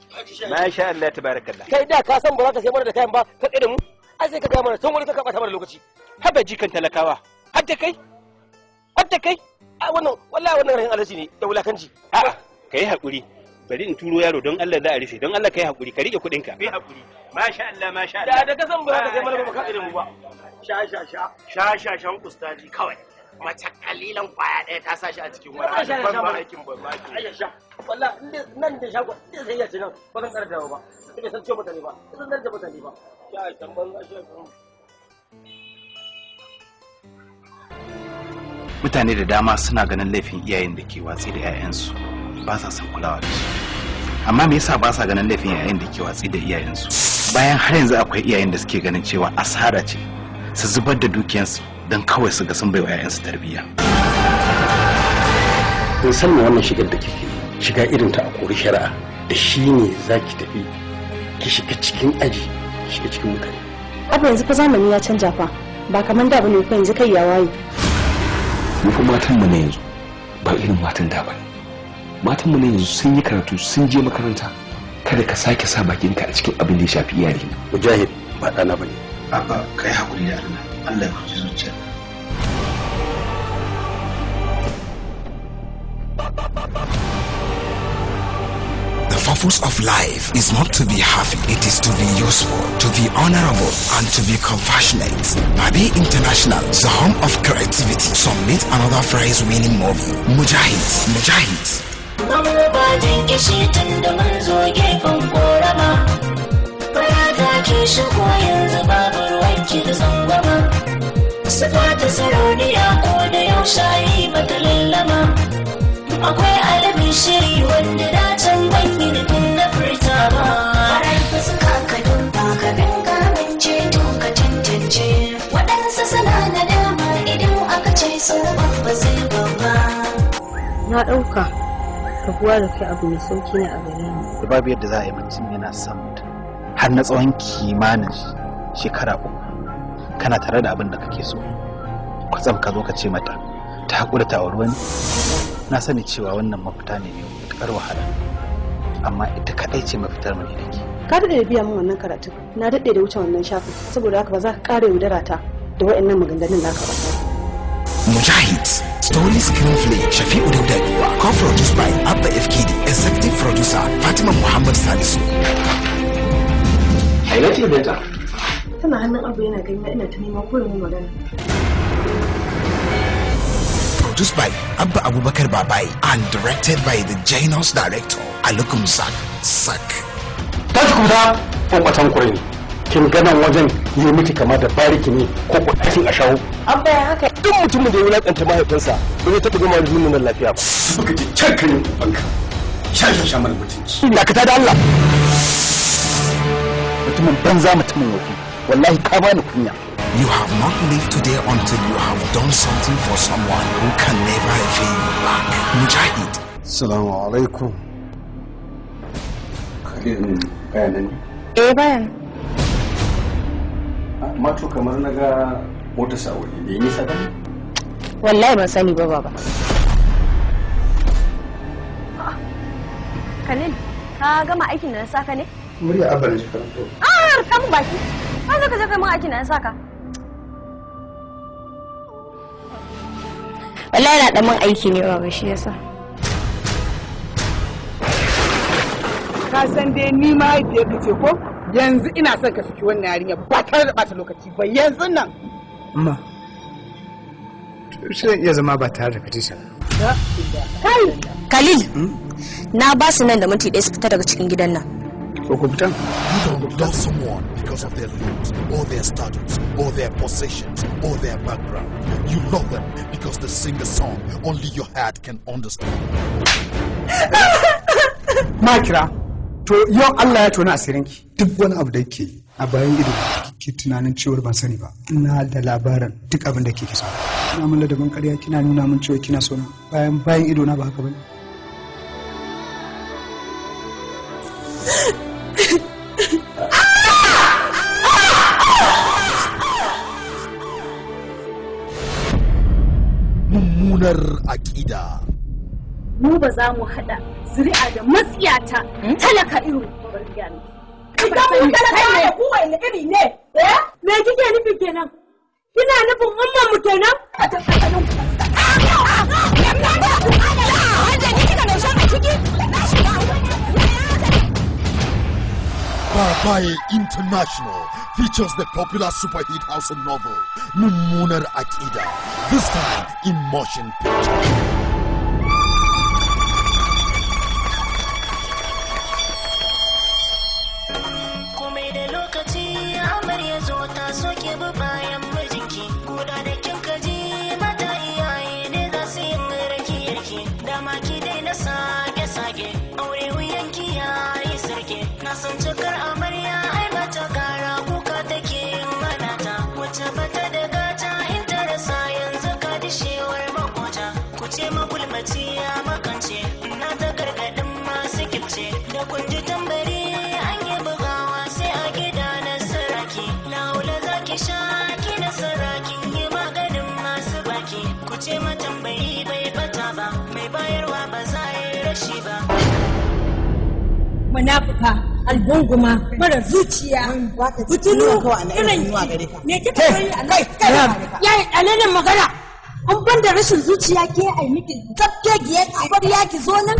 masha Allah ta Allah kai da ka san ba za ka sai mana da kayan ba ka tsaye da mu ai sai ka gaya mana tun wani ka ta mana lokaci haba jikan talakawa har da kai har da kai a wannan wallahi wannan rahin alaji ne da wulakanci a'a kai haƙuri bari in turo yaro don Allah za a rufe don Allah ka rike haƙuri ka kai hakuri da kai ka ba sha sha sha sha da mutane da dama suna ganin laifin iyayen da ke watsi da 'ya'yansu ba sa son kulawa da su amma me yasa ba sa ganin laifin yayin da ke watsi da iyayensu bayan har yanzu akwai iyayen da suke ganin cewa asara ce su zubar da dukiyansu don kawai su ga sun baiwa yayansu tarbiyya in san me wannan shigar da kike shiga irin ta a kori shari'a da shi ne za ki tafi ki shiga cikin aji ki shiga cikin mutane abu yanzu fa zamani ya canja fa ba kamar da bane ko yanzu kai ya waye mu fa matan mu ne yanzu ba irin matan da bane ne yanzu sun yi karatu sun je makaranta kada ka sake sa a cikin abin da ya shafi iyali mujahid ba abba kai hakuri da allah allah ya The purpose of life is not to be happy, it is to be useful, to be honorable, and to be compassionate. Babi International, the home of creativity, submit another prize winning movie, Mujahid. Mujahid. Mamu ba jin kishi tun da mun zo gefen korama. Barata ke shigo yanzu babu ruwanki da zangwama. Sufa ta sarauniya ko da yau shayi mata lallama. Akwai alamin shiri wanda na can banyi da na furta ba. Farai fuska ka dumba ka ganga mance to ka tantance. Waɗansa suna na dama idan aka ce sun babba sai Na ɗauka. kafuwa da kai abu mai sauki ne a gare ni babu yadda za a yi mutum yana son mutum har na tsawon kimanin shekara uku kana tare da abin da kake so kwatsam ka zo ka ce mata ta haƙura ta auri wani na sani cewa wannan mafita ne mai matuƙar wahala amma ita kaɗai ce mafitar mai da ke ka daɗe da biya min wannan karatun na daɗe da wuce wannan shafin saboda haka ba za ka ƙara yaudara ta da waɗannan maganganun naka ba mujahid Story Screenplay Shafi'u Dauda Co-produced by Abba FKD. Executive Producer Fatima Muhammad Salisu. ce Binta. Tana hannun abu yana gani ina ta neman koyon magana. Produced by Abba Abubakar Babai and directed by the genus director Alukum Zak Sak. Tashi kuma ko kwakwatan kurai. Kin ganan wajen yi miki kama da bariki ne ko kwakwacin a shawo. an bayan haka duk mutumin da ya wulakanta mahaifinsa ba zai taɓa gama da nan lafiya ba suka ji cakkan banka sha sha sha mana mutunci dakata da Allah mutumin banza mutumin wofi wallahi ka bani kunya You have not lived today until you have done something for someone who can never repay you back. Mujahid. Assalamu alaikum. bayanan? Eh bayan. Mato kamar na ga mota sa'o'i da yi nisa ba wallahi ban sani ba baba kanil ka gama aikin da na saka ne murya abana shi karanto ah kamun baki ka zaka zaka mun aikin da na saka wallahi na da mun aiki ne baba shi yasa ka san dai ni mahaifiyarka ce ko yanzu ina son ka saki wannan yarinya ba tare da bata lokaci ba yanzu nan ma sai iya zama ba tare da petition kai khalil hmm? na ba su nan da minti ɗaya su fita daga cikin gidan nan ko you don't love someone because of their looks or their status or their possessions or their background you love them because they sing a song only your heart can understand makira to yau Allah ya tona asirinki duk wani abu da yake yi a bayan gidan ki tunanin cewar ban sani ba ina da labarin duk abin da ke kisa kina mun ladabin ƙarya kina nuna min cewa kina so bayan bayan ido na ba haka bane mummunar aƙida mu ba za mu haɗa zuri'a da matsiyata hmm? talaka irin bargami ita iri ne eh? kike nufi kenan kina nufin International features the popular super hit house novel Mummunar Akida, this time in motion picture. shi ba munafuka algunguma mara zuciya butulu irin ne kika kai kai kai yayi alelin magana an ban da rashin zuciya ke ai miki tafke giyar abar ya ki zo nan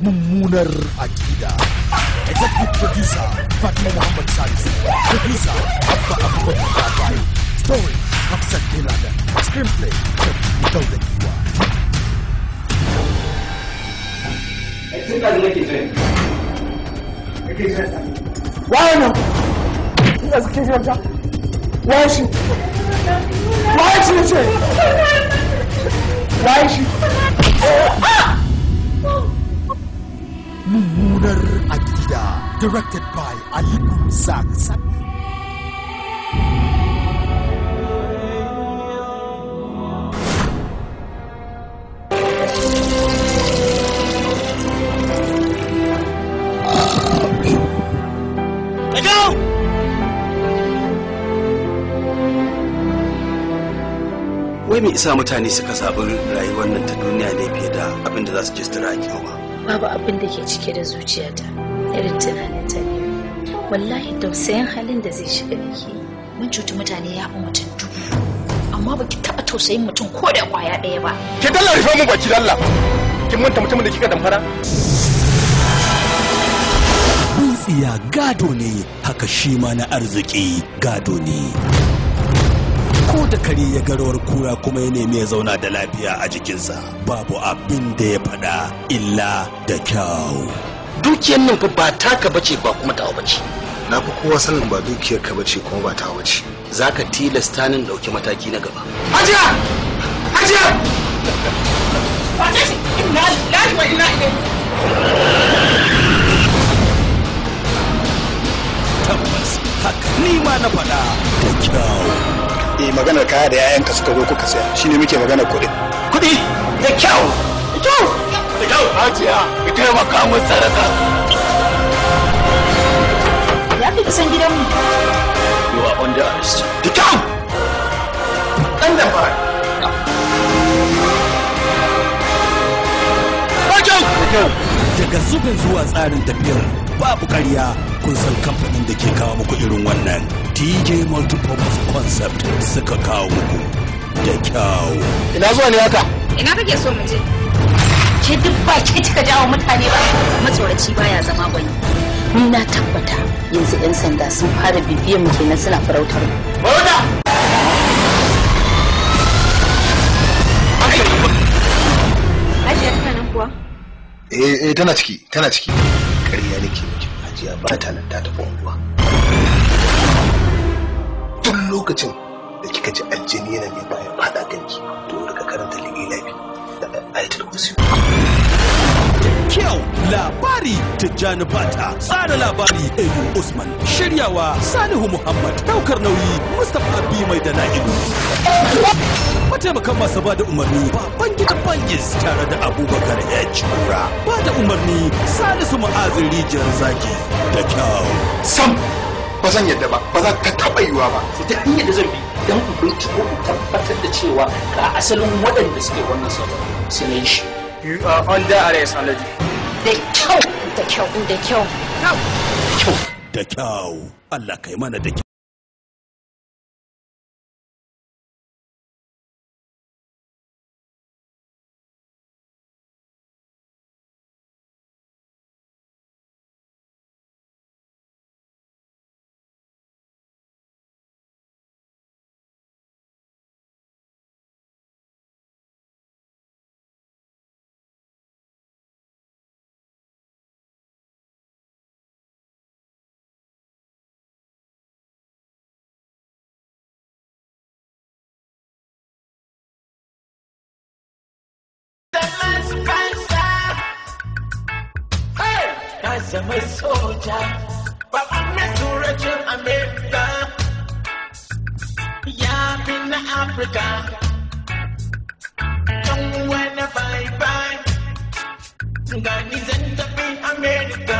mummunar akida executive producer fatima muhammad salisu producer abba abubakar Bakari. story hafsat bin laden screenplay da dauda kiwa sun ɗazu nake jiran waye shi waye shi ce waye shi mummunar directed by Ali Sak wai me isa mutane suka zaɓi rayuwar nan ta duniya ne fiye da abin da za su ji su tara ba babu abin da ke cike da zuciyata irin tunanin ta ne wallahi tausayin halin da zai shiga da ke mun cuti mutane ya fi mutum dubu amma baki taɓa tausayin mutum ko da kwaya ɗaya ba ki dalla rufe mu baki dalla kin manta mutumin da kika damfara tsiya gado ne haka shi ma na arziki gado ne da kare ya garawar kura kuma ya nemi ya zauna da lafiya a jikinsa babu abin da ya faɗa illa da kyau dukiyar nan fa ba taka bace ba kuma tawa bace na fi kowa sanin ba dukiyar ka bace kuma ba tawa bace ka tilasta nin dauki mataki na gaba hajiya hajiya tabbas haka ni ma na faɗa da kyau eh maganar kaya da ka suka zo kuka saya shine muke maganar kuɗi kuɗi da kyau da kyau da kyau hajiya ki taimaka mu saraka ya fi kusan mu you are under arrest da kyau ɗan da fara da kyau daga zubin zuwa tsarin tafiyar babu kariya kun san kamfanin da ke kawo muku irin wannan dj multipurpose concept suka kawo muku da kyau ina zuwa ne haka ina kake so mu je ke duk ba ke cika jawo mutane ba matsoraci baya zama gwani ni na tabbata yanzu yan sanda sun fara bibiyan mu kenan suna farautar mu Ajiya tana nan kuwa? Eh, eh, tana ciki, tana ciki. ƙarya nake miki hajiya ba ta nan ta tafi unguwa duk lokacin da kika ji aljini yana mai bayan faɗa ganki to rika karanta lilafi da ayatul kursi kyau labari tijjani fata tsara labari edu usman shiryawa salihu muhammad daukar nauyi mustapha bi mai da na'ibu mataimakan masu ba da umarni ba gida bangis tare da abubakar h kura ba da umarni salisu ma'azin rijiyar zaki da kyau sam ba zan yadda ba ba za ka taɓa yiwa ba su ta iya da zan bi don in binciko in tabbatar da cewa ga asalin waɗanda suke wannan sabon su ne shi You are under arrest, Alaji. Da the cow, kyau, da kyau. Da kyau, the cow. Allah kaimana the cow. am my soldier. But I'm not too rich in America. Yeah, I'm in Africa. Don't wanna fight bye. God in not up in America.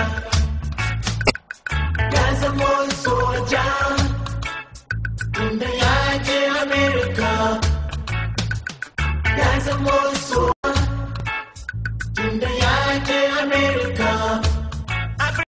Cause I'm a soldier. In the America. Cause I'm a soldier.